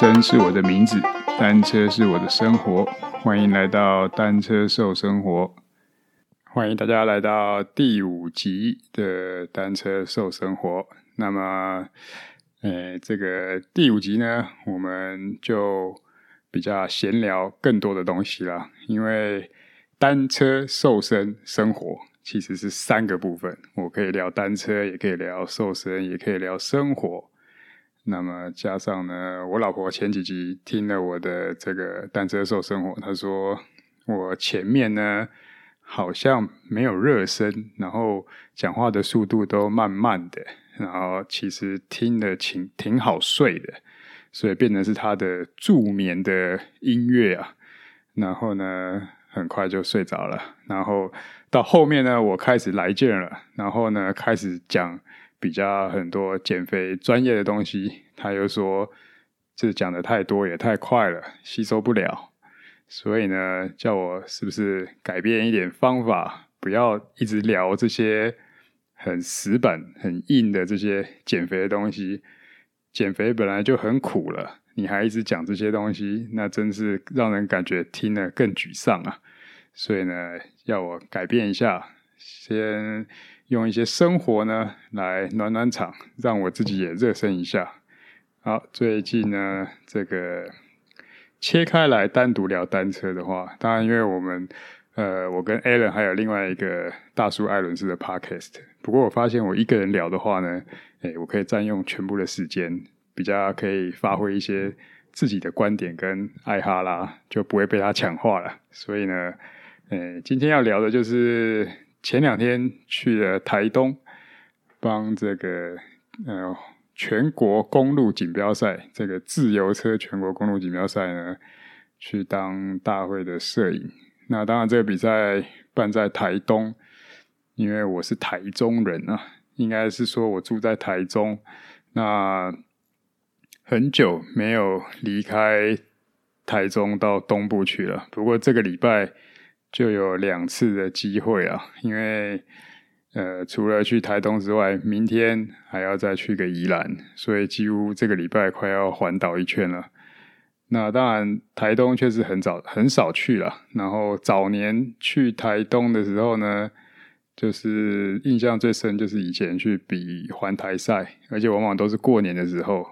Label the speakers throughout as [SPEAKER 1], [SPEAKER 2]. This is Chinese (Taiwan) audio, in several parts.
[SPEAKER 1] 生是我的名字，單車是我的生活。歡迎來到《單車瘦生活》，歡迎大家來到第五集的《單車瘦生活》。那麼，呃，這個第五集呢，我們就比較閒聊更多的東西了，因為單車瘦身生活其實是三個部分，我可以聊單車，也可以聊瘦身，也可以聊生活。那麼加上呢，我老婆前幾集聽了我的這個單車瘦生活，她說，我前面呢好像沒有熱身，然後講話的速度都慢慢的，然後其實聽得挺挺好睡的，所以變成是她的助眠的音樂啊，然後呢很快就睡着了，然後到後面呢我開始來勁了，然後呢開始講。比較很多減肥專業的東西，他又說這講的太多也太快了，吸收不了。所以呢，叫我是不是改變一點方法，不要一直聊這些很死板、很硬的這些減肥的東西。減肥本來就很苦了，你還一直講這些東西，那真是讓人感覺聽了更沮喪啊。所以呢，要我改變一下，先。用一些生活呢來暖暖場，讓我自己也熱身一下。好，最近呢，這個切開來單獨聊單車的話，當然因為我們呃，我跟艾倫還有另外一個大叔艾倫式的 podcast。不過我發現我一個人聊的話呢，誒、欸、我可以占用全部的時間，比較可以發揮一些自己的觀點跟愛哈拉，就不會被他強化搶話了。所以呢，誒、欸、今天要聊的就是。前兩天去了台東，幫這個呃，全國公路錦標賽，這個自由車全國公路錦標賽呢，去當大會的攝影。那當然，這個比賽辦在台東，因為我是台中人啊，應該是說我住在台中。那很久沒有離開台中到東部去了，不過這個禮拜，就有兩次的機會啊，因為呃，除了去台東之外，明天還要再去個宜蘭，所以幾乎這個禮拜快要環島一圈了。那當然，台東確實很早很少去了。然後早年去台東的時候呢，就是印象最深就是以前去比環台賽，而且往往都是過年的時候。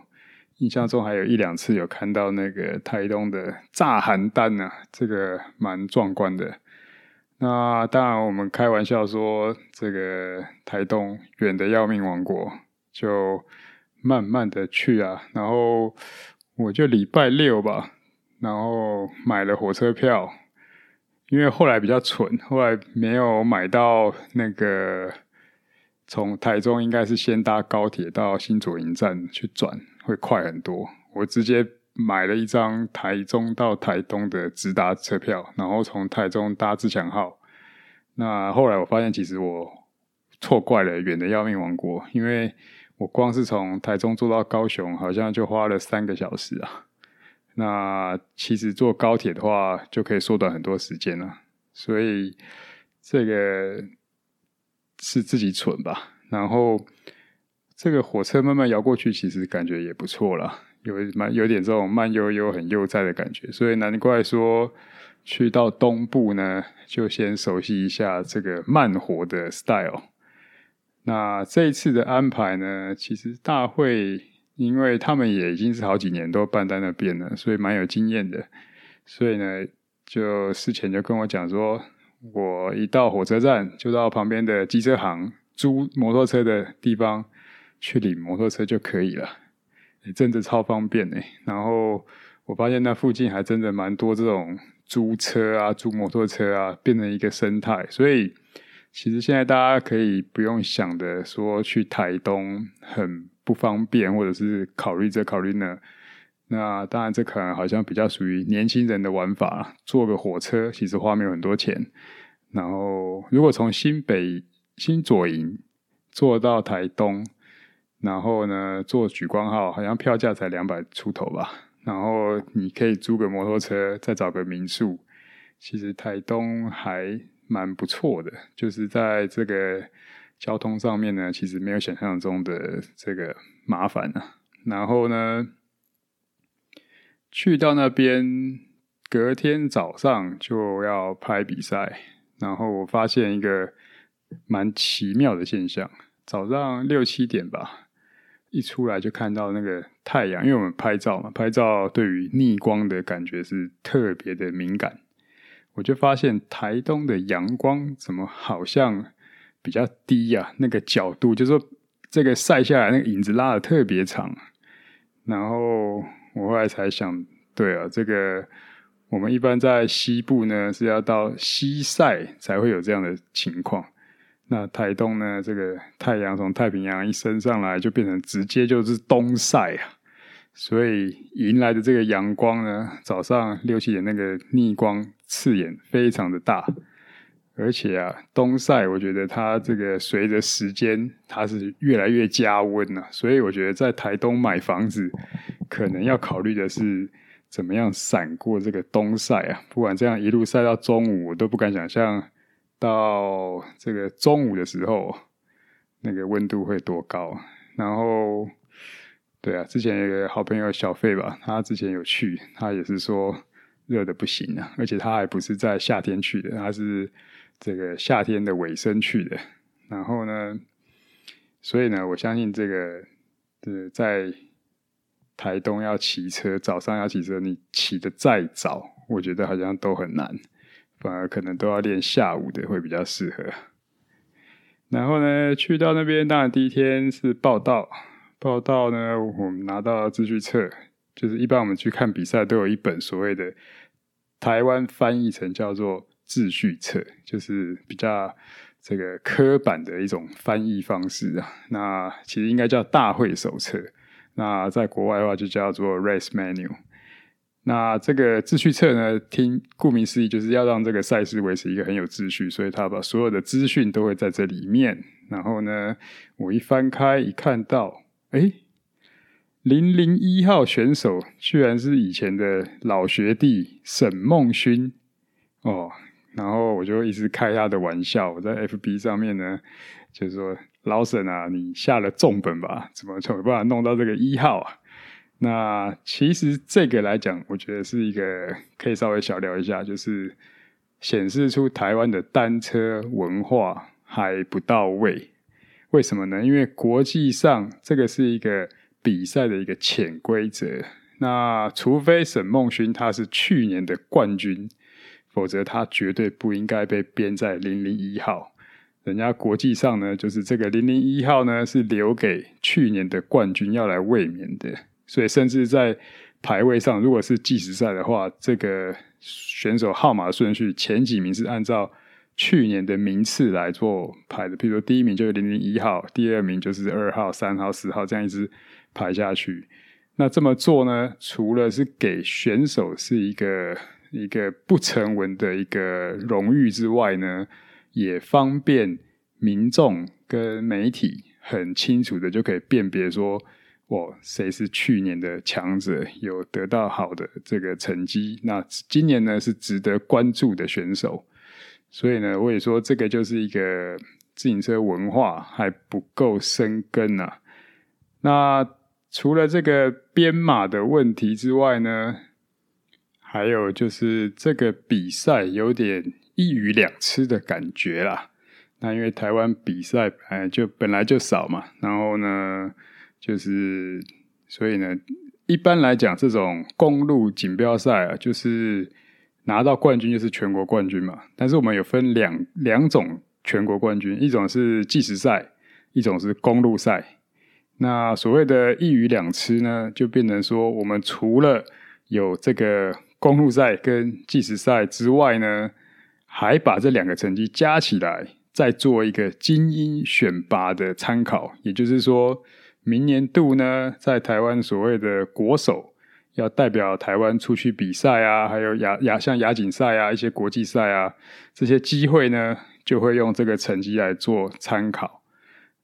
[SPEAKER 1] 印象中還有一兩次有看到那個台東的炸寒單啊，這個蠻壯觀的。那當然，我們開玩笑說，這個台東遠的要命，王國就慢慢的去啊。然後我就禮拜六吧，然後買了火車票。因為後來比較蠢，後來沒有買到那個從台中，應該是先搭高鐵到新左營站去轉，會快很多。我直接。買了一張台中到台東的直達車票，然後從台中搭自強號。那後來我發現，其實我錯怪了遠的要命王國，因為我光是從台中坐到高雄，好像就花了三個小時啊。那其實坐高鐵的話，就可以縮短很多時間了啊。所以這個是自己蠢吧？然後這個火車慢慢搖過去，其實感覺也不錯啦。有慢有點這種慢悠悠，很悠哉的感覺，所以難怪說去到東部呢，就先熟悉一下這個慢活的 style。那這一次的安排呢，其實大會因為他們也已經是好幾年都辦在那邊了，所以蠻有經驗的。所以呢，就事前就跟我講說，我一到火車站就到旁邊的機車行租摩托車的地方去領摩托車就可以了。也真的超方便誒、欸，然後我發現那附近還真的蠻多這種租車啊、租摩托車啊，變成一個生態。所以其實現在大家可以不用想著說去台東很不方便，或者是考慮這考慮那。那當然這可能好像比較屬於年輕人的玩法，坐個火車其實花沒有很多錢。然後如果從新北新左營坐到台東。然後呢，坐莒光號好像票價才兩百出頭吧。然後你可以租個摩托車，再找個民宿。其實台東還蠻不錯的，就是在這個交通上面呢，其實沒有想象中的這個麻煩呢、啊。然後呢，去到那邊，隔天早上就要拍比賽。然後我發現一個蠻奇妙的現象，早上六七點吧。一出來就看到那個太陽，因為我們拍照嘛，拍照對於逆光的感覺是特別的敏感。我就發現台東的陽光怎麼好像比較低呀、啊？那個角度，就是、說這個曬下來那個影子拉的特別長。然後我後來才想，對啊，這個我們一般在西部呢是要到西曬才會有這樣的情況。那台東呢？這個太陽從太平洋一升上來，就變成直接就是東曬啊！所以迎來的這個陽光呢，早上六七點那個逆光刺眼，非常的大。而且啊，東曬，我覺得它這個隨着時間，它是越來越加溫啊，所以我覺得在台東買房子，可能要考慮的是怎麼樣閃過這個東曬啊！不管這樣一路曬到中午，我都不敢想象。到這個中午的時候，那個溫度會多高？然後，對啊，之前有個好朋友小費吧，他之前有去，他也是說熱的不行啊，而且他還不是在夏天去的，他是這個夏天的尾聲去的。然後呢，所以呢，我相信這個，呃、就是，在台東要騎車，早上要騎車，你騎得再早，我覺得好像都很難。反而可能都要練下午的會比較適合。然後呢，去到那邊當然第一天是報到，報到呢我們拿到秩序冊，就是一般我們去看比賽都有一本所謂的台灣翻譯成叫做秩序冊，就是比較這個刻板的一種翻譯方式啊。那其實應該叫大會手冊，那在國外的話就叫做 Race Menu。那這個秩序冊呢，聽顧名思義，就是要讓這個賽事維持一個很有秩序，所以他把所有的資訊都會在這裡面。然後呢，我一翻開一看到，哎、欸，零零一號選手居然是以前的老學弟沈夢勳哦。然後我就一直開他的玩笑，我在 FB 上面呢，就說老沈啊，你下了重本吧？怎麼怎麼把它弄到這個一號啊？那其實這個來講，我覺得是一個可以稍微小聊一下，就是顯示出台灣的單車文化還不到位。為什麼呢？因為國際上這個是一個比賽的一個潛規則。那除非沈夢勳他是去年的冠軍，否則他絕對不應該被編在零零一號。人家國際上呢，就是這個零零一號呢是留給去年的冠軍要來衛冕的。所以，甚至在排位上，如果是計時賽的話，這個選手號碼順序前幾名是按照去年的名次來做排的。譬如說，第一名就是零零一號，第二名就是二號、三號、10號這樣一直排下去。那這麼做呢，除了是給選手是一個一個不成文的一個榮譽之外呢，也方便民眾跟媒體很清楚的就可以辨別說。哦、誰是去年的強者，有得到好的這個成績？那今年呢，是值得關注的選手。所以呢，我也說這個就是一個自行車文化還不夠生根啊。那除了這個編碼的問題之外呢，還有就是這個比賽有點一魚兩吃的感覺啦。那因為台灣比賽哎、欸，就本來就少嘛，然後呢。就是，所以呢，一般來講，這種公路錦標賽啊，就是拿到冠軍就是全國冠軍嘛。但是我們有分兩兩種全國冠軍，一種是計時賽，一種是公路賽。那所謂的一魚兩吃呢，就變成說，我們除了有這個公路賽跟計時賽之外呢，還把這兩個成績加起來，再做一個精英選拔的參考。也就是說。明年度呢，在台灣所謂的國手要代表台灣出去比賽啊，還有亞亞像亞錦賽啊、一些國際賽啊這些機會呢，就會用這個成績來做參考。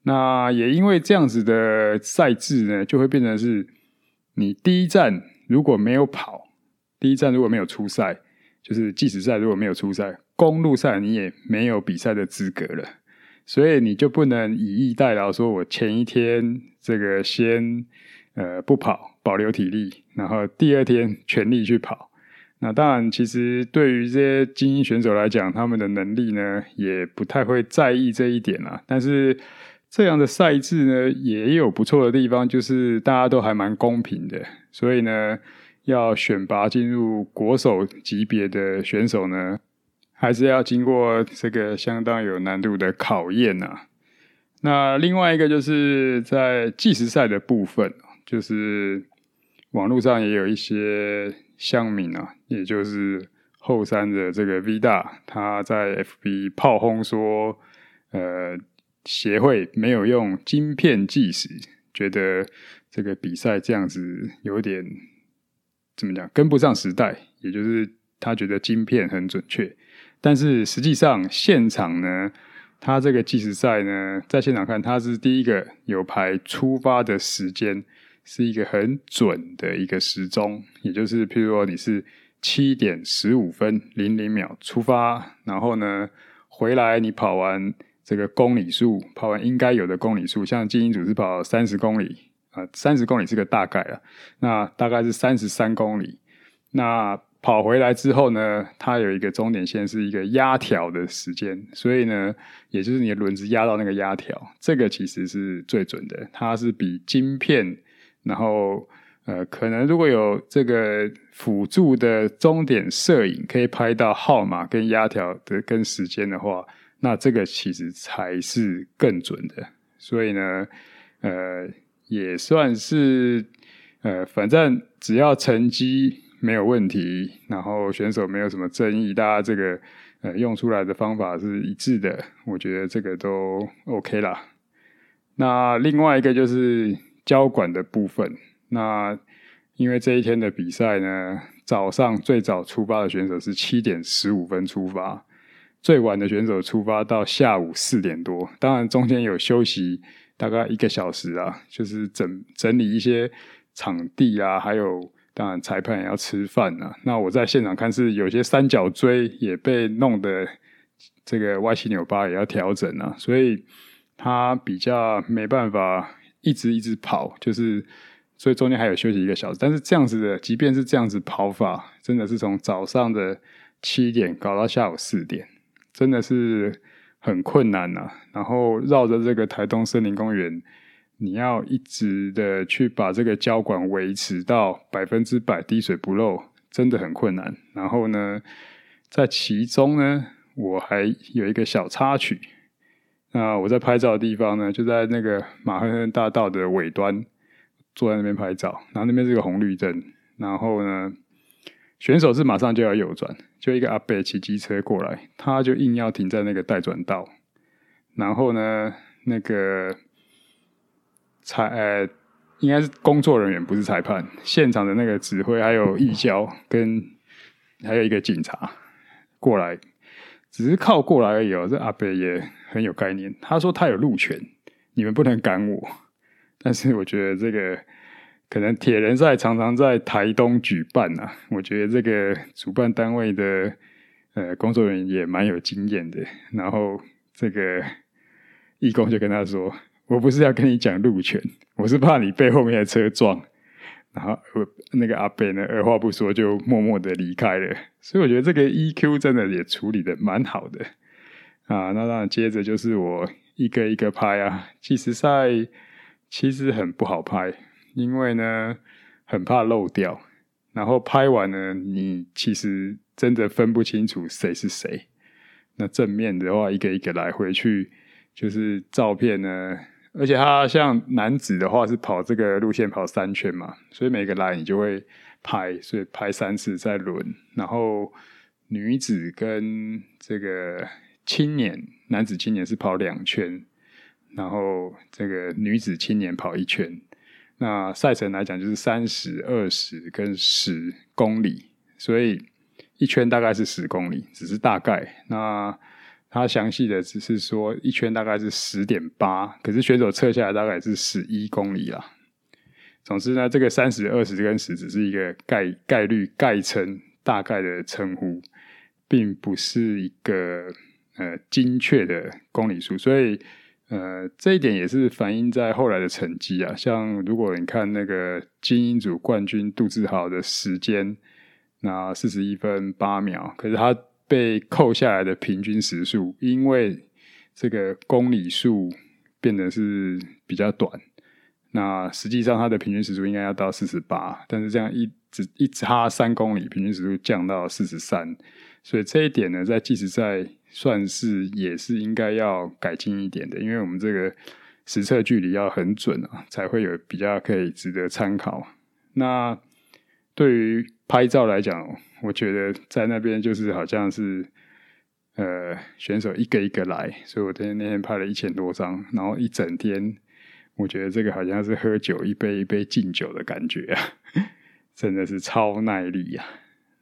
[SPEAKER 1] 那也因為這樣子的賽制呢，就會變成是：你第一站如果沒有跑，第一站如果沒有出賽，就是計時賽如果沒有出賽，公路賽你也沒有比賽的資格了。所以你就不能以逸待勞，說我前一天這個先呃不跑，保留體力，然後第二天全力去跑。那當然，其實對於這些精英選手來講，他們的能力呢也不太會在意這一點啦，但是這樣的賽制呢也有不錯的地方，就是大家都還蠻公平的。所以呢，要選拔進入國手級別的選手呢。還是要經過這個相當有難度的考驗吶、啊。那另外一個就是在計時賽的部分，就是網絡上也有一些鄉民啊，也就是後山的這個 V 大，他在 FB 炮轟說，呃，協會沒有用晶片計時，覺得這個比賽這樣子有點怎麼講，跟不上時代。也就是他覺得晶片很準確。但是實際上，現場呢，它這個計時賽呢，在現場看，它是第一個有牌出發的時間，是一個很準的一個時鐘。也就是，譬如說你是七點十五分零零秒出發，然後呢，回來你跑完這個公里數，跑完應該有的公里數，像精英組是跑三十公里啊，三十公里是個大概啊，那大概是三十三公里，那。跑回來之後呢，它有一個終點線，是一個壓條的時間，所以呢，也就是你的輪子壓到那個壓條，這個其實是最準的。它是比晶片，然後呃，可能如果有這個輔助的終點攝影，可以拍到號碼跟壓條的跟時間的話，那這個其實才是更準的。所以呢，呃，也算是呃，反正只要成績。沒有問題，然後選手沒有什麼爭議，大家這個呃用出來的方法是一致的，我覺得這個都 OK 啦。那另外一個就是交管的部分，那因為這一天的比賽呢，早上最早出發的選手是七點十五分出發，最晚的選手出發到下午四點多，當然中間有休息大概一個小時啊，就是整整理一些場地啊，還有。當然，裁判也要吃飯啊，那我在現場看是有些三角錐也被弄得這個歪七扭八，也要調整啊，所以他比較沒辦法一直一直跑，就是所以中間還有休息一個小時。但是這樣子的，即便是這樣子跑法，真的是從早上的七點搞到下午四點，真的是很困難啊，然後繞着這個台東森林公園。你要一直的去把這個交管維持到百分之百滴水不漏，真的很困難。然後呢，在其中呢，我還有一個小插曲。那我在拍照的地方呢，就在那個馬亨亨大道的尾端，坐在那邊拍照。然後那邊是個紅綠燈，然後呢，選手是馬上就要右轉，就一個阿伯騎機車過來，他就硬要停在那個待轉道。然後呢，那個。裁呃，應該是工作人員，不是裁判。現場的那個指揮，還有義交，跟還有一個警察過來，只是靠過來而已、喔。哦，這阿北也很有概念，他說他有路權，你們不能趕我。但是我覺得這個可能鐵人賽常常在台東舉辦啊，我覺得這個主辦單位的呃工作人員也蠻有經驗的。然後這個義工就跟他說。我不是要跟你講路權，我是怕你被後面的車撞。然後我那個阿伯呢，二話不說就默默的離開了。所以我覺得這個 EQ 真的也處理得蠻好的。啊，那那接着就是我一個一個拍啊，計時賽其實很不好拍，因為呢很怕漏掉。然後拍完呢，你其實真的分不清楚誰是誰。那正面的話，一個一個來回去，就是照片呢。而且他像男子的話是跑這個路線，跑三圈嘛，所以每個欄你就會拍，所以拍三次再輪。然後女子跟這個青年男子青年是跑兩圈，然後這個女子青年跑一圈。那賽程來講就是三十二十跟十公里，所以一圈大概是十公里，只是大概那。他詳細的只是說一圈大概是十點八，可是選手測下來大概是十一公里啦，總之呢，這個三十二十跟十只是一個概概率概稱，大概的稱呼，並不是一個呃精確的公里數。所以呃這一點也是反映在後來的成績啊，像如果你看那個精英組冠軍杜志豪的時間，那四十一分八秒，可是他。被扣下來的平均時速，因為這個公里數變得是比較短，那實際上它的平均時速應該要到四十八，但是這樣一直一差三公里，平均時速降到四十三，所以這一點呢，在計時賽算是也是應該要改進一點的，因為我們這個實測距離要很準啊，才會有比較可以值得參考。那對於。拍照來講，我覺得在那邊就是好像是，呃，選手一個一個來，所以我天那天拍了一千多張，然後一整天，我覺得這個好像是喝酒一杯一杯敬酒的感覺啊，真的是超耐力呀、啊。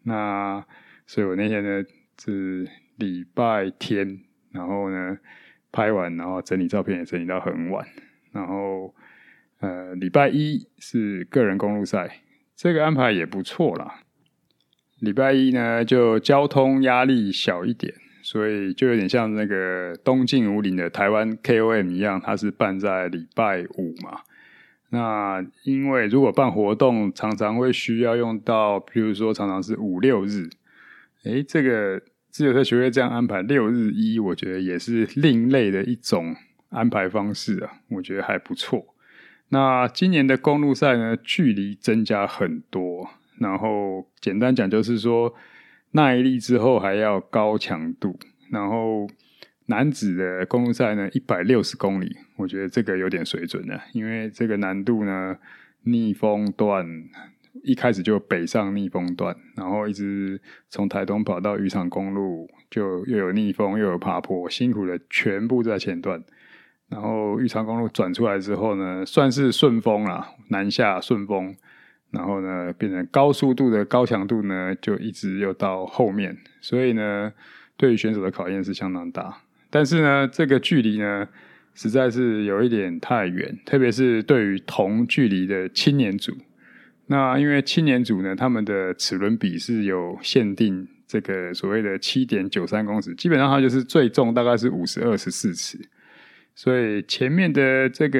[SPEAKER 1] 那所以我那天呢是禮拜天，然後呢拍完，然後整理照片也整理到很晚，然後呃禮拜一是個人公路賽。這個安排也不錯啦。禮拜一呢，就交通壓力小一點，所以就有點像那個東進武嶺的台灣 KOM 一樣，它是辦在禮拜五嘛。那因為如果辦活動，常常會需要用到，比如說常常是五六日。誒，這個自由車學會這樣安排六日一，我覺得也是另類的一種安排方式啊，我覺得還不錯。那今年的公路賽呢，距離增加很多，然後簡單講就是說，耐力之後還要高強度。然後男子的公路賽呢，一百六十公里，我覺得這個有點水準了，因為這個難度呢，逆風段一開始就北上逆風段，然後一直從台東跑到漁場公路，就又有逆風又有爬坡，辛苦的全部在前段。然後玉長公路轉出來之後呢，算是順風了，南下順風。然後呢，變成高速度的高強度呢，就一直又到後面，所以呢，對於選手的考驗是相當大。但是呢，這個距離呢，實在是有一點太遠，特別是對於同距離的青年組。那因為青年組呢，他們的齒輪比是有限定，這個所謂的七點九三公尺，基本上它就是最重大概是五十二十四齒。所以前面的這個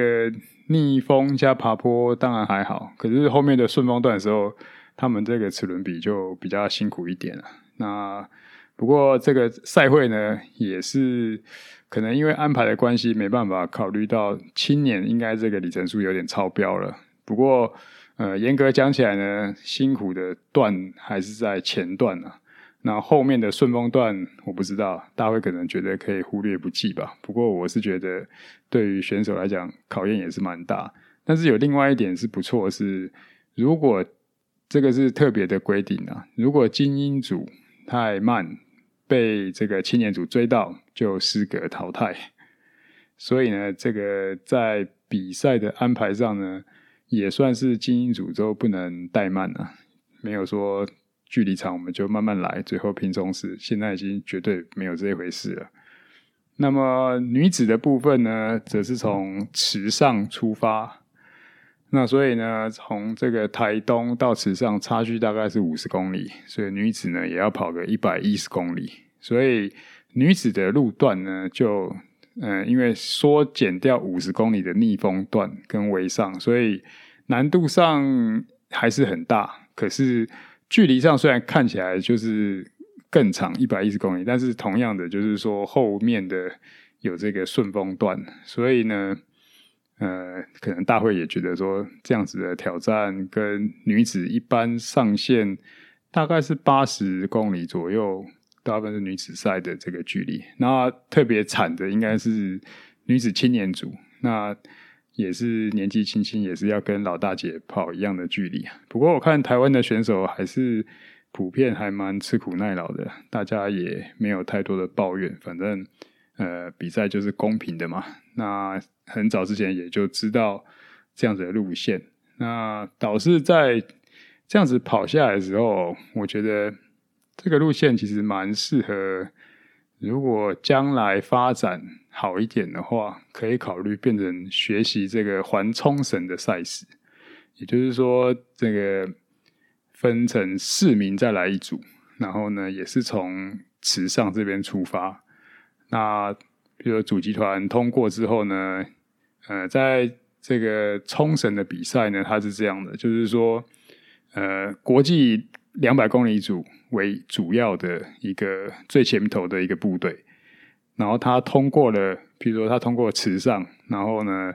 [SPEAKER 1] 逆風加爬坡當然還好，可是後面的順風段的時候，他們這個齒輪比就比較辛苦一點了。那不過這個賽會呢，也是可能因為安排的關係，沒辦法考慮到青年，應該這個里程數有點超標了。不過呃，嚴格講起來呢，辛苦的段還是在前段呢、啊。那後，後面的順風段我不知道，大會可能覺得可以忽略不計吧。不過我是覺得，對於選手來講，考驗也是蠻大。但是有另外一點是不錯的是，是如果這個是特別的規定啊，如果精英組太慢，被這個青年組追到，就失格淘汰。所以呢，這個在比賽的安排上呢，也算是精英組都不能怠慢呢、啊，沒有說。距離長，我們就慢慢來，最後拼中式。現在已經絕對沒有這一回事了。那麼女子的部分呢，則是從池上出發，那所以呢，從這個台東到池上差距大概是五十公里，所以女子呢也要跑個一百一十公里。所以女子的路段呢，就嗯，因為縮減掉五十公里的逆風段跟微上，所以難度上還是很大。可是。距離上雖然看起來就是更長一百一十公里，但是同樣的就是說後面的有這個順風段，所以呢，呃，可能大會也覺得說這樣子的挑戰跟女子一般上限大概是八十公里左右，大部分是女子賽的這個距離。那特別慘的應該是女子青年組，那。也是年紀輕輕，也是要跟老大姐跑一樣的距離。不過我看台灣的選手還是普遍還蠻吃苦耐勞的，大家也沒有太多的抱怨。反正，呃，比賽就是公平的嘛。那很早之前也就知道這樣子的路線。那倒是在這樣子跑下來的時候，我覺得這個路線其實蠻適合。如果將來發展好一點的話，可以考慮變成學習這個環沖繩的賽事，也就是說，這個分成四名再來一組，然後呢，也是從池上這邊出發。那比如說主集團通過之後呢，呃，在這個沖繩的比賽呢，它是這樣的，就是說，呃，國際。兩百公里組為主要的一個最前頭的一個部隊，然後他通過了，比如說他通過池上，然後呢，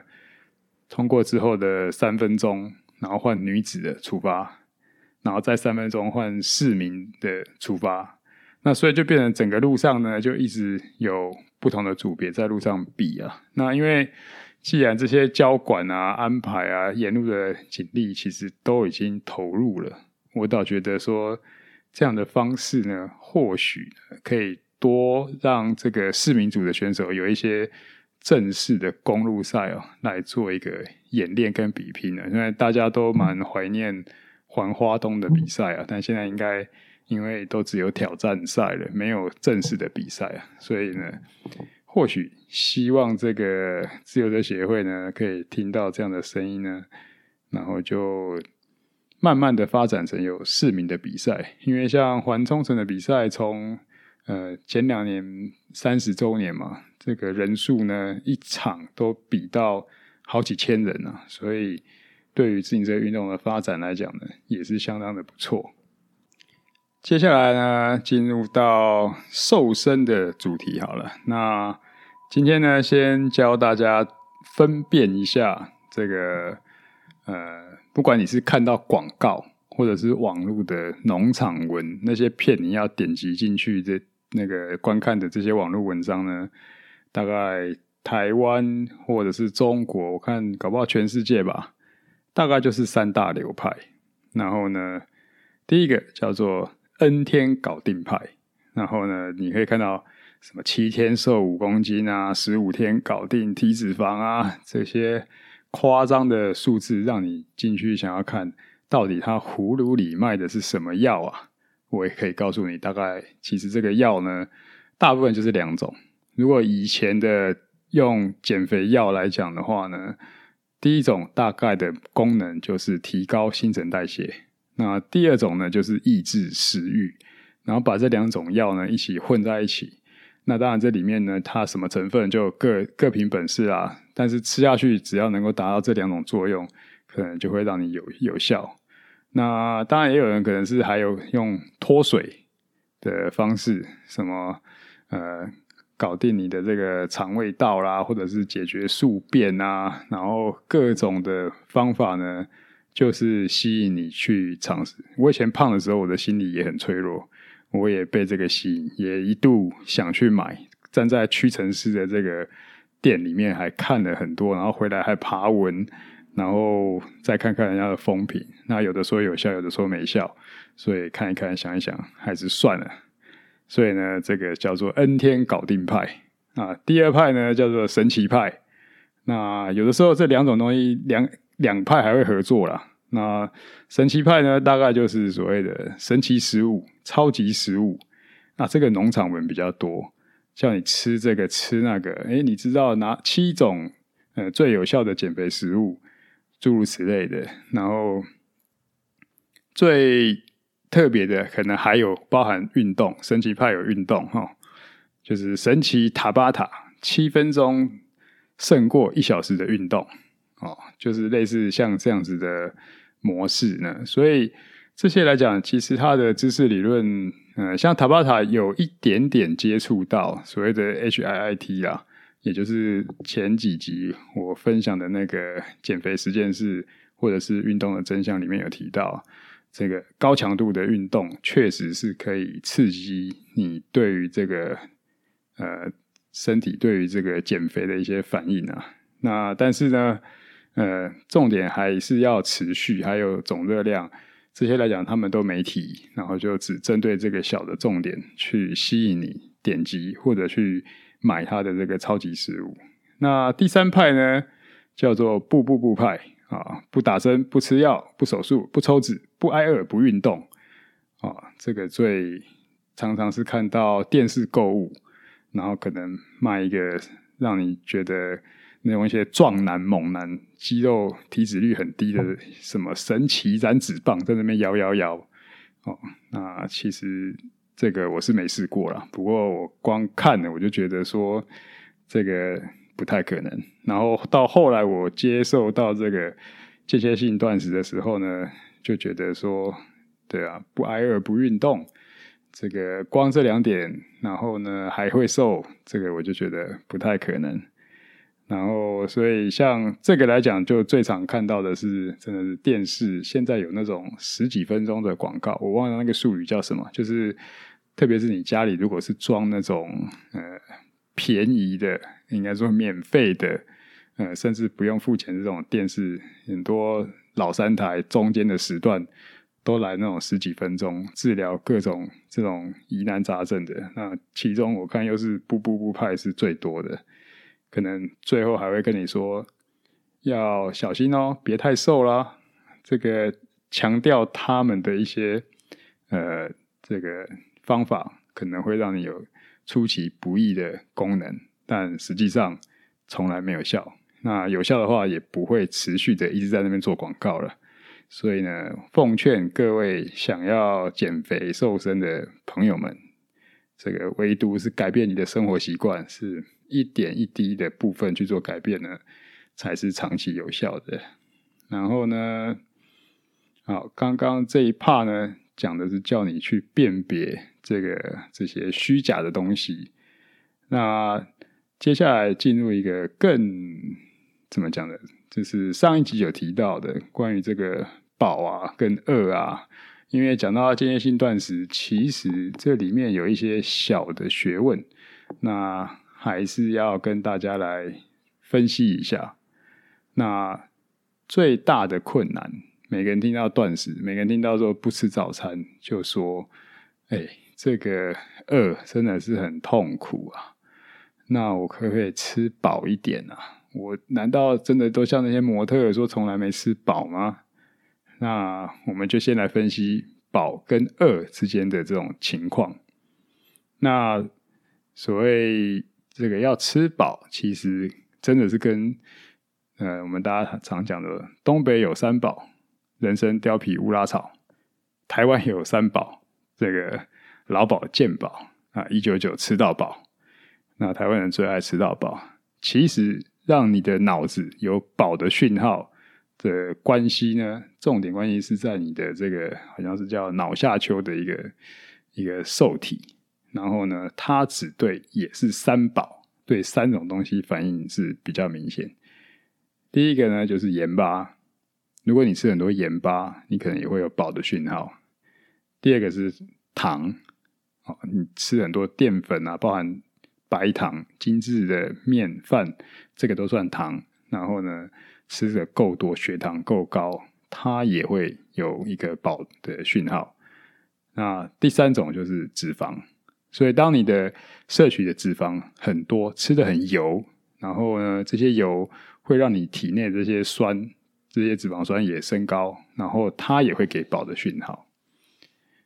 [SPEAKER 1] 通過之後的三分鐘，然後換女子的出發，然後在三分鐘換市民的出發，那所以就變成整個路上呢，就一直有不同的組別在路上比啊。那因為既然這些交管啊、安排啊、沿路的警力，其實都已經投入了。我倒覺得說，這樣的方式呢，或許可以多讓這個市民組的選手有一些正式的公路賽哦，來做一個演練跟比拼呢。因為大家都蠻懷念環花東的比賽啊，但現在應該因為都只有挑戰賽了，沒有正式的比賽啊，所以呢，或許希望這個自由車協會呢，可以聽到這樣的聲音呢，然後就。慢慢的發展成有市民的比賽，因為像環沖繩的比賽，從呃前兩年三十周年嘛，這個人數呢一場都比到好幾千人啊。所以對於自行車運動的發展來講呢，也是相當的不錯。接下來呢，進入到瘦身的主題好了，那今天呢，先教大家分辨一下這個呃。不管你是看到廣告，或者是網絡的農場文，那些騙你要點擊進去這那個觀看的這些網絡文章呢，大概台灣或者是中國，我看搞不好全世界吧，大概就是三大流派。然後呢，第一個叫做 N 天搞定派，然後呢，你可以看到什麼七天瘦五公斤啊，十五天搞定體脂肪啊，這些。誇張的數字，讓你進去想要看到底他葫蘆裡賣的是什麼藥啊？我也可以告訴你，大概其實這個藥呢，大部分就是兩種。如果以前的用減肥藥來講的話呢，第一種大概的功能就是提高新陳代謝，那第二種呢就是抑制食欲，然後把這兩種藥呢一起混在一起。那當然，這裡面呢，它什麼成分，就各各憑本事啦，但是吃下去，只要能夠達到這兩種作用，可能就會讓你有有效。那當然，也有人可能是還有用脫水的方式，什麼呃，搞定你的這個腸胃道啦，或者是解決宿便啊，然後各種的方法呢，就是吸引你去嘗試。我以前胖的時候，我的心理也很脆弱。我也被這個吸引，也一度想去買。站在屈臣氏的這個店裡面，還看了很多，然後回來還爬文，然後再看看人家的風評。那有的說有效，有的說沒效，所以看一看，想一想，還是算了。所以呢，這個叫做 N 天搞定派啊。第二派呢，叫做神奇派。那有的時候這兩種東西，兩兩派還會合作啦。那神奇派呢，大概就是所謂的神奇食物、超級食物。那這個農場文比較多，叫你吃這個吃那個。哎、欸，你知道哪七種呃，最有效的減肥食物，諸如此類的。然後最特別的，可能還有包含運動。神奇派有運動哈、哦，就是神奇塔巴塔，七分鐘勝過一小時的運動哦，就是類似像這樣子的。模式呢？所以這些來講，其實它的知識理論，嗯、呃，像塔巴塔有一點點接觸到所謂的 HIIT 啊，也就是前幾集我分享的那個減肥實驗室，或者是運動的真相裡面有提到，這個高強度的運動確實是可以刺激你對於這個呃身體對於這個減肥的一些反應啊。那但是呢？呃，重點還是要持續，還有總熱量這些來講，他們都沒提，然後就只針對這個小的重點去吸引你點擊或者去買它的這個超級食物。那第三派呢，叫做“不不不派”啊，不打針、不吃藥、不手術、不抽脂、不挨餓、不運動啊，這個最常常是看到電視購物，然後可能賣一個讓你覺得。那種一些壯男、猛男、肌肉、體脂率很低的什麼神奇燃脂棒，在那邊搖搖搖哦。那其實這個我是沒試過啦，不過我光看了我就覺得說這個不太可能。然後到後來我接受到這個間歇性斷食的時候呢，就覺得說，對啊，不挨餓不運動，這個光這兩點，然後呢還會瘦，這個我就覺得不太可能。然後，所以像這個來講，就最常看到的是，真的是電視現在有那種十幾分鐘的廣告，我忘了那個術語叫什麼。就是特別是你家裡如果是裝那種呃便宜的，應該說免費的，呃，甚至不用付錢的這種電視，很多老三台中間的時段都來那種十幾分鐘治療各種這種疑難雜症的。那其中我看又是步步步派是最多的。可能最後還會跟你說要小心哦，別太瘦了。這個強調他們的一些呃這個方法，可能會讓你有出其不意的功能，但實際上從來沒有效。那有效的話，也不會持續的一直在那邊做廣告了。所以呢，奉勸各位想要減肥瘦身的朋友們，這個唯獨是改變你的生活習慣是。一點一滴的部分去做改變呢，才是長期有效的。然後呢，好，剛剛這一 part 呢講的是叫你去辨別這個這些虛假的東西。那接下來進入一個更怎麼講的，就是上一集有提到的關於這個飽啊跟餓啊，因為講到間歇性斷食，其實這裡面有一些小的學問。那還是要跟大家來分析一下。那最大的困難，每個人聽到斷食，每個人聽到說不吃早餐，就說：“哎、欸，這個餓真的是很痛苦啊！”那我可不可以吃飽一點啊？我難道真的都像那些模特兒說從來沒吃飽嗎？那我們就先來分析飽跟餓之間的這種情況。那所謂……這個要吃飽，其實真的是跟，呃，我們大家常講的東北有三寶：人參、貂皮、烏拉草。台灣有三寶：這個勞保,健保、健保啊，一九九吃到飽。那台灣人最愛吃到飽。其實讓你的腦子有飽的訊號的關係呢，重點關係是在你的這個好像是叫腦下丘的一個一個受體。然後呢，它只對也是三飽，對三種東西反應是比較明顯。第一個呢，就是鹽巴，如果你吃很多鹽巴，你可能也會有飽的訊號。第二個是糖，哦，你吃很多澱粉啊，包含白糖、精致的麵飯，這個都算糖。然後呢，吃的夠多，血糖夠高，它也會有一個飽的訊號。那第三種就是脂肪。所以，當你的攝取的脂肪很多，吃得很油，然後呢，這些油會讓你體內這些酸、這些脂肪酸也升高，然後它也會給飽的訊號。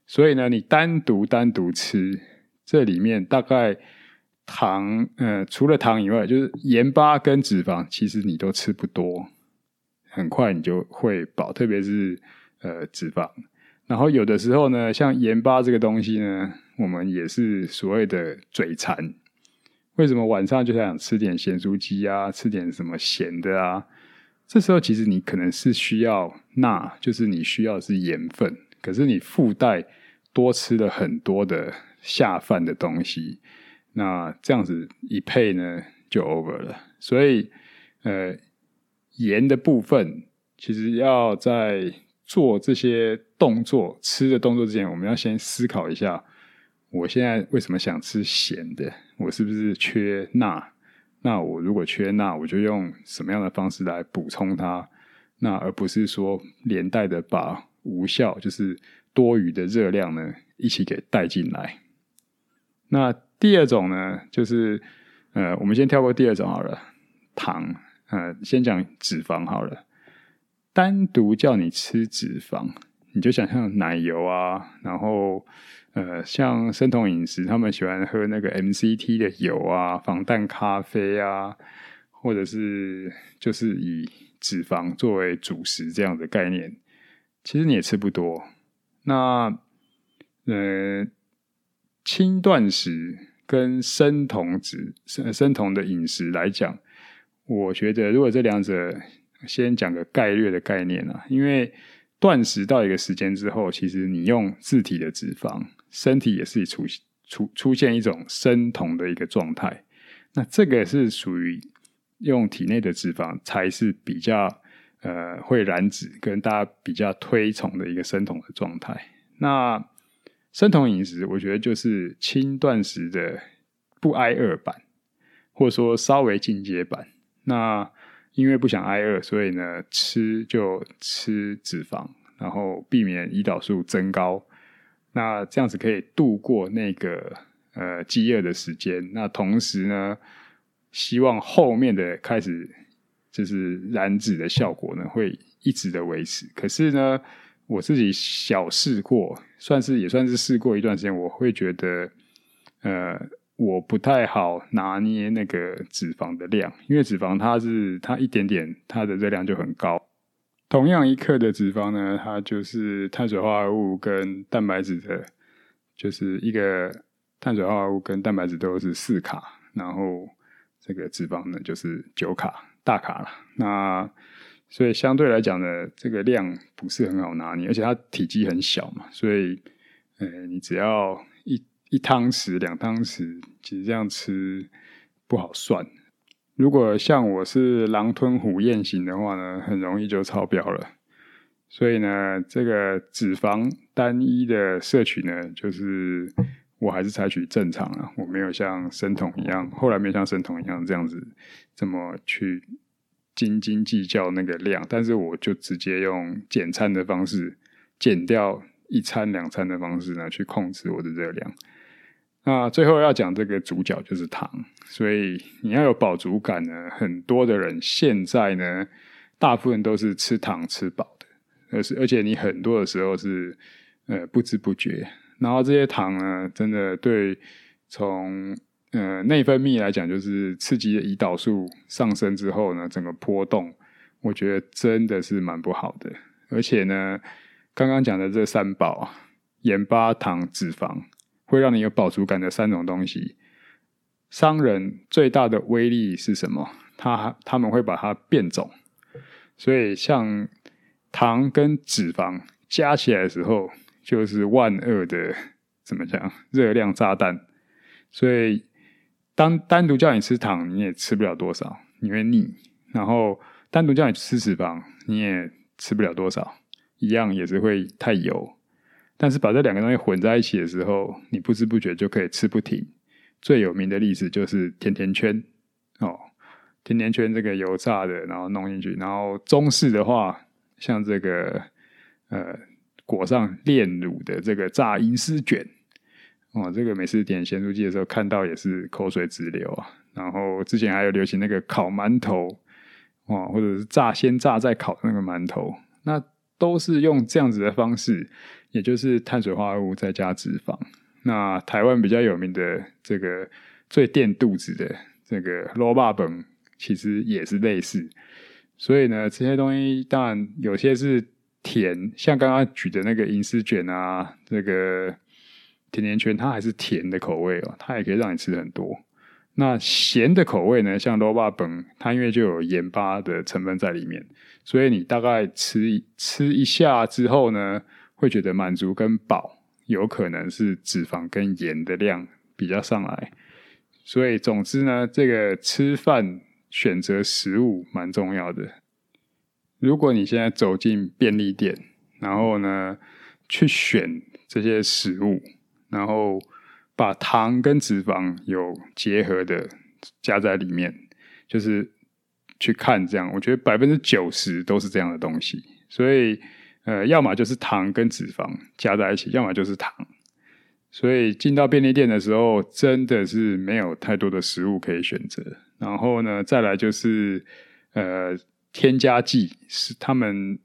[SPEAKER 1] 所以呢，你單獨單獨吃，這裡面大概糖，呃，除了糖以外，就是鹽巴跟脂肪，其實你都吃不多，很快你就會飽，特別是，呃，脂肪。然後有的時候呢，像鹽巴這個東西呢。我們也是所謂的嘴饞，為什麼晚上就想吃點鹹酥雞啊？吃點什麼鹹的啊？這時候其實你可能是需要鈉，就是你需要的是鹽分，可是你附帶多吃了很多的下飯的東西，那這樣子一配呢，就 over 了。所以，呃，鹽的部分其實要在做這些動作，吃的動作之前，我們要先思考一下。我現在為什麼想吃鹹的？我是不是缺鈉？那我如果缺鈉，我就用什麼樣的方式來補充它？那而不是說連帶的把無效，就是多餘的熱量呢一起給帶進來？那第二種呢，就是呃，我們先跳過第二種好了。糖，嗯，呃，先講脂肪好了。單獨叫你吃脂肪，你就想像奶油啊，然後呃，像生酮飲食，他們喜歡喝那個 MCT 的油啊，防彈咖啡啊，或者是就是以脂肪作為主食這樣的概念，其實你也吃不多。那呃，輕斷食跟生酮食、生生酮的飲食來講，我覺得如果這兩者先講個概略的概念啊，因為。斷食到一個時間之後，其實你用自體的脂肪，身體也是出出出現一種生酮的一個狀態。那這個是屬於用體內的脂肪才是比較呃會燃脂，跟大家比較推崇的一個生酮的狀態。那生酮飲食，我覺得就是輕斷食的不挨餓版，或說稍微進階版。那因為不想挨餓，所以呢，吃就吃脂肪，然後避免胰島素增高。那這樣子可以度過那個呃飢餓的時間。那同時呢，希望後面的開始就是燃脂的效果呢會一直的維持。可是呢，我自己小試過，算是也算是試過一段時間，我會覺得，呃。我不太好拿捏那個脂肪的量，因為脂肪它是它一點點它的熱量就很高。同樣一克的脂肪呢，它就是碳水化合物跟蛋白質的，就是一個碳水化合物跟蛋白質都是四卡，然後這個脂肪呢就是九卡，大卡了。那所以相對來講呢，這個量不是很好拿捏，而且它體積很小嘛，所以呃，你只要。一湯匙、兩湯匙，其實這樣吃不好算。如果像我是狼吞虎嚥型的話呢，很容易就超標了。所以呢，這個脂肪單一的攝取呢，就是我還是採取正常了啊，我沒有像生酮一樣，後來沒有像生酮一樣這樣子這麼去斤斤計較那個量。但是我就直接用減餐的方式，減掉一餐、兩餐的方式呢，去控制我的熱量。那最後要講這個主角就是糖，所以你要有飽足感呢，很多的人現在呢，大部分都是吃糖吃飽的，而是而且你很多的時候是呃不知不覺，然後這些糖呢，真的對從呃內分泌來講，就是刺激的胰島素上升之後呢，整個波動，我覺得真的是蠻不好的。而且呢，剛剛講的這三寶，鹽巴、糖、脂肪。會讓你有飽足感的三種東西，商人最大的威力是什麼？他他們會把它變種，所以像糖跟脂肪加起來的時候，就是萬惡的，怎麼講，熱量炸彈。所以當單獨叫你吃糖，你也吃不了多少，你會膩；然後單獨叫你吃脂肪，你也吃不了多少，一樣也是會太油。但是把這兩個東西混在一起的時候，你不知不覺就可以吃不停。最有名的例子就是甜甜圈哦，甜甜圈這個油炸的，然後弄進去。然後中式的話，像這個呃，裹上煉乳的這個炸銀絲卷哦，這個每次點鹹酥雞的時候看到也是口水直流啊。然後之前還有流行那個烤饅頭哦，或者是炸先炸再烤那個饅頭，那都是用這樣子的方式。也就是碳水化合物再加脂肪，那台灣比較有名的這個最墊肚子的這個滷肉飯，其實也是類似。所以呢，這些東西當然有些是甜，像剛剛舉的那個銀絲卷啊，這個甜甜圈，它還是甜的口味哦，它也可以讓你吃很多。那鹹的口味呢，像滷肉飯，它因為就有鹽巴的成分在裡面，所以你大概吃一吃一下之後呢，會覺得滿足跟飽，有可能是脂肪跟鹽的量比較上來，所以總之呢，這個吃飯選擇食物蠻重要的。如果你現在走進便利店，然後呢去選這些食物，然後把糖跟脂肪有結合的加在裡面，就是去看這樣，我覺得百分之九十都是這樣的東西，所以。呃，要麼就是糖跟脂肪加在一起，要麼就是糖。所以進到便利店的時候，真的是沒有太多的食物可以選擇。然後呢，再來就是呃添加劑，是他們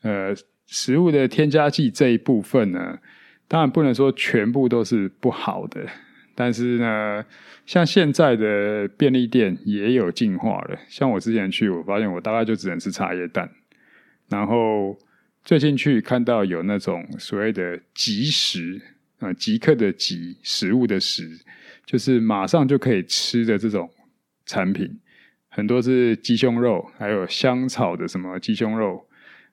[SPEAKER 1] 呃食物的添加劑這一部分呢，當然不能說全部都是不好的，但是呢，像現在的便利店也有進化了。像我之前去，我發現我大概就只能吃茶葉蛋，然後。最近去看到有那種所謂的即食即刻的即食物的食，就是馬上就可以吃的這種產品，很多是雞胸肉，還有香草的什麼雞胸肉，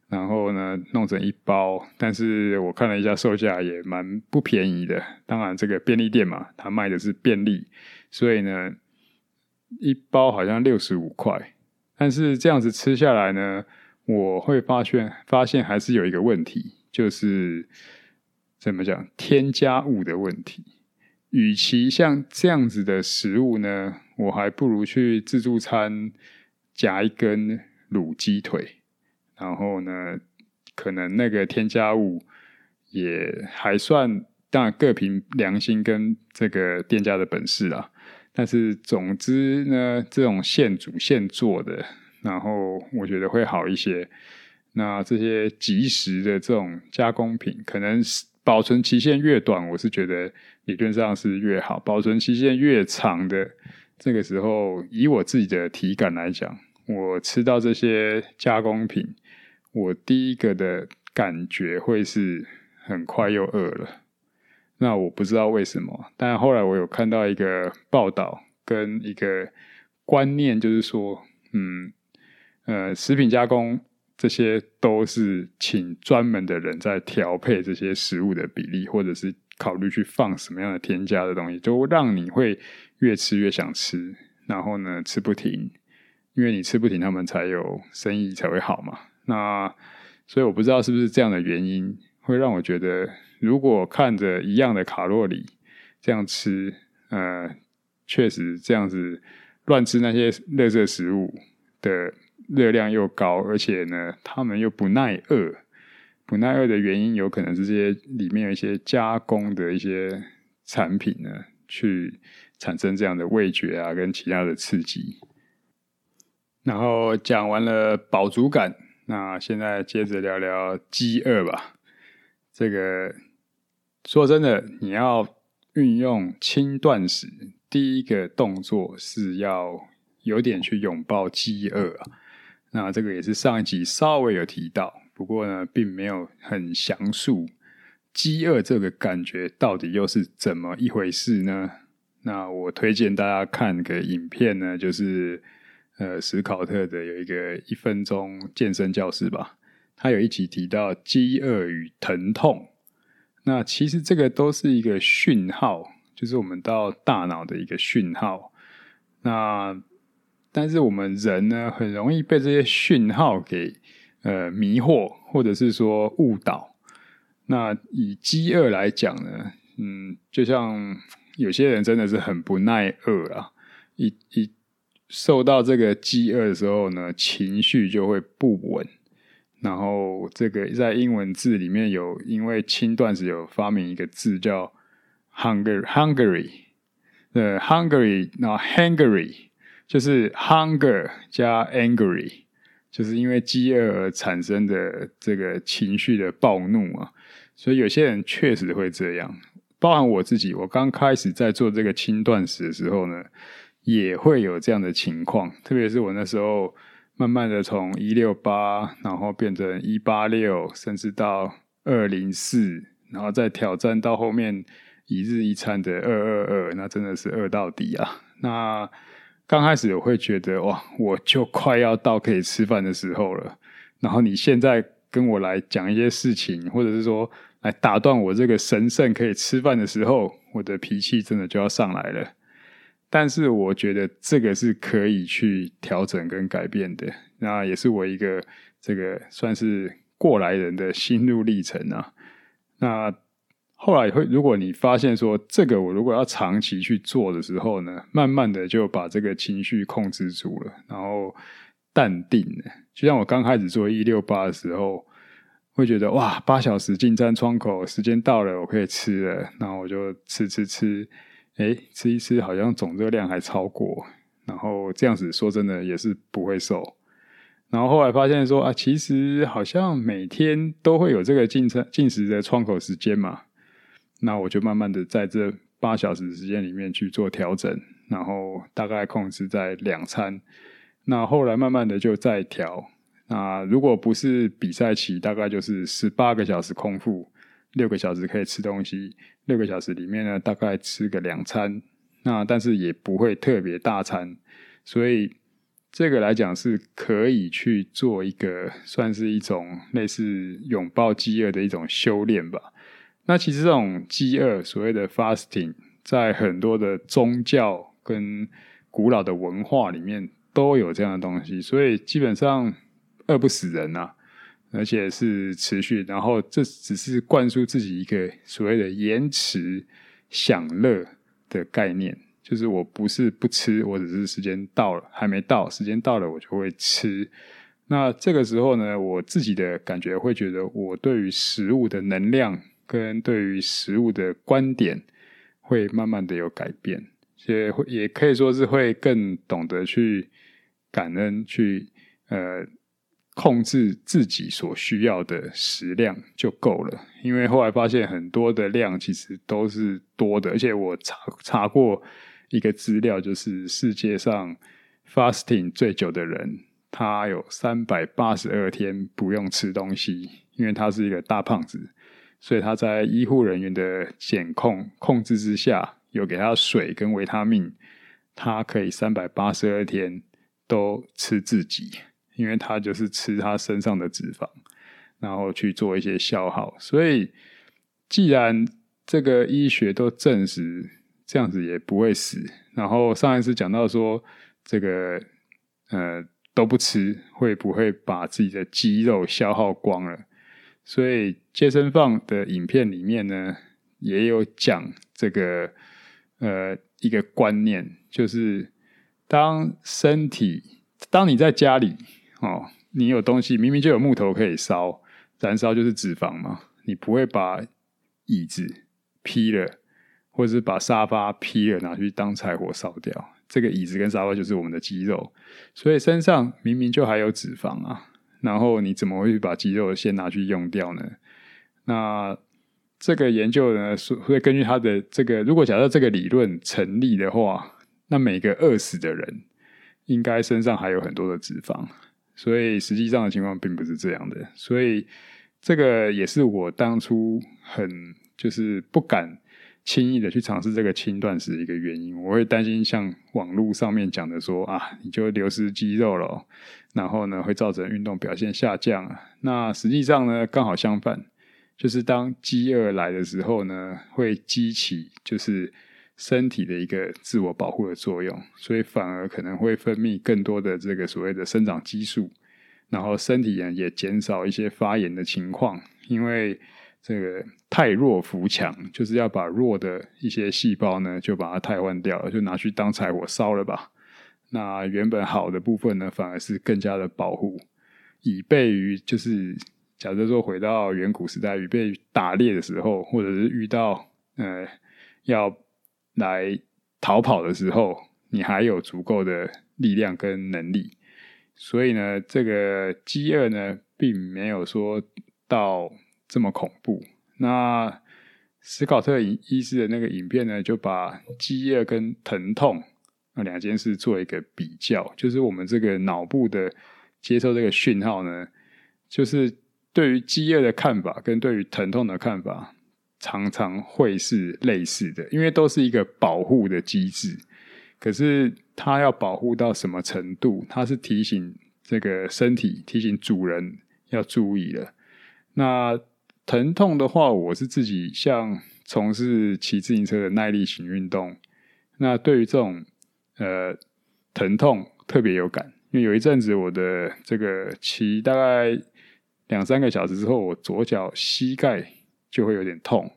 [SPEAKER 1] 然後呢，弄成一包。但是我看了一下售價也蠻不便宜的，當然這個便利店嘛，它賣的是便利，所以呢一包好像六十五塊，但是這樣子吃下來呢。我會發現，發現還是有一個問題，就是怎麼講，添加物的問題。與其像這樣子的食物呢，我還不如去自助餐夾一根滷雞腿，然後呢，可能那個添加物也還算，大，各憑良心跟這個店家的本事啊。但是總之呢，這種現煮現做的。然後我覺得會好一些。那這些即食的這種加工品，可能是保存期限越短，我是覺得理論上是越好。保存期限越長的，這個時候以我自己的體感來講，我吃到這些加工品，我第一個的感覺會是很快又餓了。那我不知道為什麼，但後來我有看到一個報道跟一個觀念，就是說，嗯。呃，食品加工這些都是請專門的人在調配這些食物的比例，或者是考慮去放什麼樣的添加的東西，都讓你會越吃越想吃，然後呢，吃不停，因為你吃不停，他們才有生意才會好嘛。那所以我不知道是不是這樣的原因，會讓我覺得，如果看着一樣的卡路里這樣吃，呃，確實這樣子亂吃那些垃圾食物的，熱量又高，而且呢，他們又不耐餓。不耐餓的原因，有可能是這些裡面有一些加工的一些產品呢，去產生這樣的味覺啊，跟其他的刺激。然後講完了飽足感，那現在接着聊聊飢餓吧。這個說真的，你要運用輕斷食，第一個動作是要有點去擁抱飢餓啊。那這個也是上一集稍微有提到，不過呢，並沒有很詳述，飢餓這個感覺到底又是怎麼一回事呢？那我推薦大家看個影片呢，就是，呃，史考特的有一個一分鐘健身教室吧，他有一集提到飢餓與疼痛，那其實這個都是一個訊號，就是我們到大腦的一個訊號，那。但是我們人呢，很容易被這些訊號給呃迷惑，或者是說誤導。那以飢餓來講呢，嗯，就像有些人真的是很不耐餓啊。一一受到這個飢餓的時候呢，情緒就會不穩。然後這個在英文字裡面有，因為輕斷食有發明一個字叫 hunger hungry，呃，hungry 然後 hangry。就是 hunger 加 angry，就是因為飢餓而產生的這個情緒的暴怒啊，所以有些人確實會這樣，包含我自己。我剛開始在做這個輕斷食的時候呢，也會有這樣的情況，特別是我那時候慢慢的從一六八，然後變成一八六，甚至到二零四，然後再挑戰到後面一日一餐的二二二，那真的是餓到底啊，那。剛開始我會覺得哇，我就快要到可以吃飯的時候了，然後你現在跟我來講一些事情，或者是說來打斷我這個神聖可以吃飯的時候，我的脾氣真的就要上來了。但是我覺得這個是可以去調整跟改變的，那也是我一個這個算是過來人的心路歷程啊，那。後來會，如果你發現說這個我如果要長期去做的時候呢，慢慢的就把這個情緒控制住了，然後淡定了。就像我剛開始做一六八的時候，會覺得哇，八小時進餐窗口時間到了，我可以吃了，然後我就吃吃吃，哎，吃一吃好像總熱量還超過，然後這樣子說真的也是不會瘦。然後後來發現說啊，其實好像每天都會有這個進餐進食的窗口時間嘛。那我就慢慢的，在這八小時時間裡面去做調整，然後大概控制在兩餐。那後來慢慢的就再調。那如果不是比賽期，大概就是十八個小時空腹，六個小時可以吃東西，六個小時裡面呢大概吃個兩餐。那但是也不會特別大餐，所以這個來講是可以去做一個算是一種類似擁抱飢餓的一種修煉吧。那其實這種飢餓，所謂的 fasting，在很多的宗教跟古老的文化裡面都有這樣的東西，所以基本上餓不死人吶、啊，而且是持續。然後這只是灌輸自己一個所謂的延遲享樂的概念，就是我不是不吃，我只是時間到了還沒到，時間到了我就會吃。那這個時候呢，我自己的感覺會覺得我對於食物的能量。個人對於食物的觀點會慢慢的有改變，所以也可以說是會更懂得去感恩，去呃控制自己所需要的食量就夠了。因為後來發現很多的量其實都是多的，而且我查查過一個資料，就是世界上 fasting 最久的人，他有三百八十二天不用吃東西，因為他是一個大胖子。所以他在醫護人員的檢控控制之下，有給他水跟維他命，他可以三百八十二天都吃自己，因為他就是吃他身上的脂肪，然後去做一些消耗。所以，既然這個醫學都證實這樣子也不會死，然後上一次講到說這個呃都不吃會不會把自己的肌肉消耗光了？所以。健身房的影片裡面呢，也有講這個呃一個觀念，就是當身體當你在家裡哦，你有東西明明就有木頭可以燒，燃燒就是脂肪嘛，你不會把椅子劈了，或者是把沙發劈了拿去當柴火燒掉。這個椅子跟沙發就是我們的肌肉，所以身上明明就還有脂肪啊，然後你怎麼會把肌肉先拿去用掉呢？那這個研究呢，是會根據他的這個，如果假設這個理論成立的話，那每個餓死的人應該身上還有很多的脂肪，所以實際上的情況並不是這樣的。所以這個也是我當初很就是不敢輕易的去嘗試這個輕斷食的一個原因。我會擔心像網絡上面講的說啊，你就流失肌肉了，然後呢會造成運動表現下降啊。那實際上呢，剛好相反。就是當飢餓來的時候呢，會激起就是身體的一個自我保護的作用，所以反而可能會分泌更多的這個所謂的生長激素，然後身體呢也也減少一些發炎的情況，因為這個汰弱扶強，就是要把弱的一些細胞呢，就把它汰換掉了，就拿去當柴火燒了吧。那原本好的部分呢，反而是更加的保護，以備於就是。假設說回到遠古時代，預備打獵的時候，或者是遇到呃要來逃跑的時候，你還有足夠的力量跟能力，所以呢，這個飢餓呢，並沒有說到這麼恐怖。那史考特醫師的那個影片呢，就把飢餓跟疼痛那兩件事做一個比較，就是我們這個腦部的接受這個訊號呢，就是。對於飢餓的看法跟對於疼痛的看法常常會是類似的，因為都是一個保護的機制。可是它要保護到什麼程度？它是提醒這個身體、提醒主人要注意了。那疼痛的話，我是自己像從事騎自行車的耐力型運動。那對於這種呃疼痛特別有感，因為有一陣子我的這個騎大概。兩三個小時之後，我左腳膝蓋就會有點痛，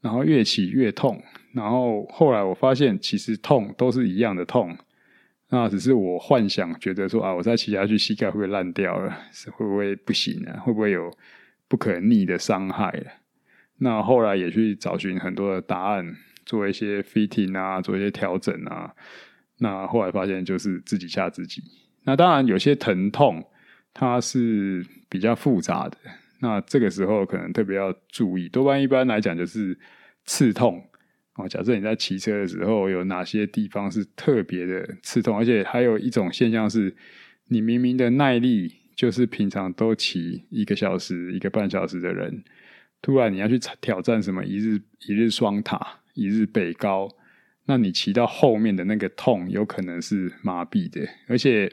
[SPEAKER 1] 然後越騎越痛。然後後來我發現，其實痛都是一樣的痛，那只是我幻想覺得說啊，我再騎下去，膝蓋會不會爛掉了，是會不會不行啊？會不會有不可逆的傷害啊？那後來也去找尋很多的答案，做一些 fitting 啊，做一些調整啊。那後來發現就是自己嚇自己。那當然有些疼痛，它是。比較複雜的，那這個時候可能特別要注意。多半一般來講就是刺痛。哦，假設你在騎車的時候，有哪些地方是特別的刺痛？而且還有一種現象是，你明明的耐力就是平常都騎一個小時、一個半小時的人，突然你要去挑戰什麼一日一日雙塔、一日北高，那你騎到後面的那個痛，有可能是麻痹的，而且。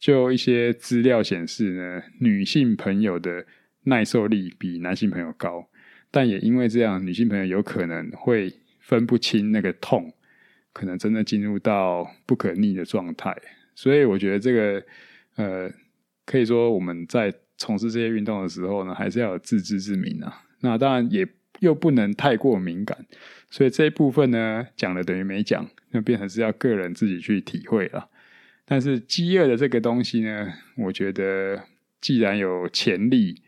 [SPEAKER 1] 就一些資料顯示呢，女性朋友的耐受力比男性朋友高，但也因為這樣，女性朋友有可能會分不清那個痛，可能真的進入到不可逆的狀態。所以我覺得這個呃，可以說我們在從事這些運動的時候呢，還是要有自知之明啊。那當然也又不能太過敏感，所以這一部分呢，講了等於沒講，那變成是要個人自己去體會了。但是飢餓的這個東西呢，我覺得既然有潛力，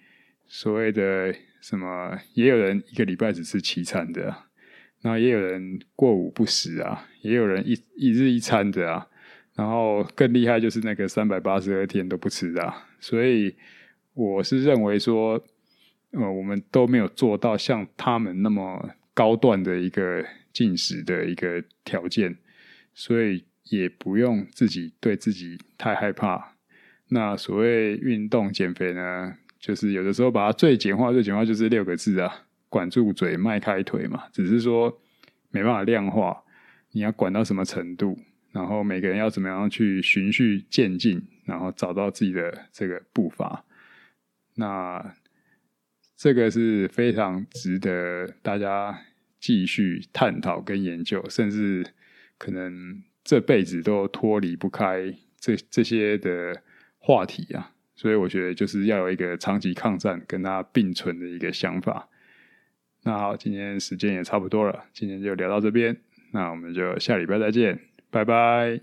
[SPEAKER 1] 所謂的什麼，也有人一個禮拜只吃七餐的啊，那也有人過午不食啊，也有人一一日一餐的啊，然後更厲害就是那個三百八十二天都不吃的啊，所以我是認為說，呃，我們都沒有做到像他們那麼高段的一個進食的一個條件，所以。也不用自己對自己太害怕。那所謂運動減肥呢，就是有的時候把它最簡化，最簡化就是六個字啊：管住嘴，邁開腿嘛。只是說沒辦法量化，你要管到什麼程度，然後每個人要怎麼樣去循序漸進，然後找到自己的這個步伐。那這個是非常值得大家繼續探討跟研究，甚至可能。這輩子都脫離不開這這些的話題啊，所以我覺得就是要有一個長期抗戰跟它並存的一個想法。那好，今天時間也差不多了，今天就聊到這邊，那我們就下禮拜再見，拜拜。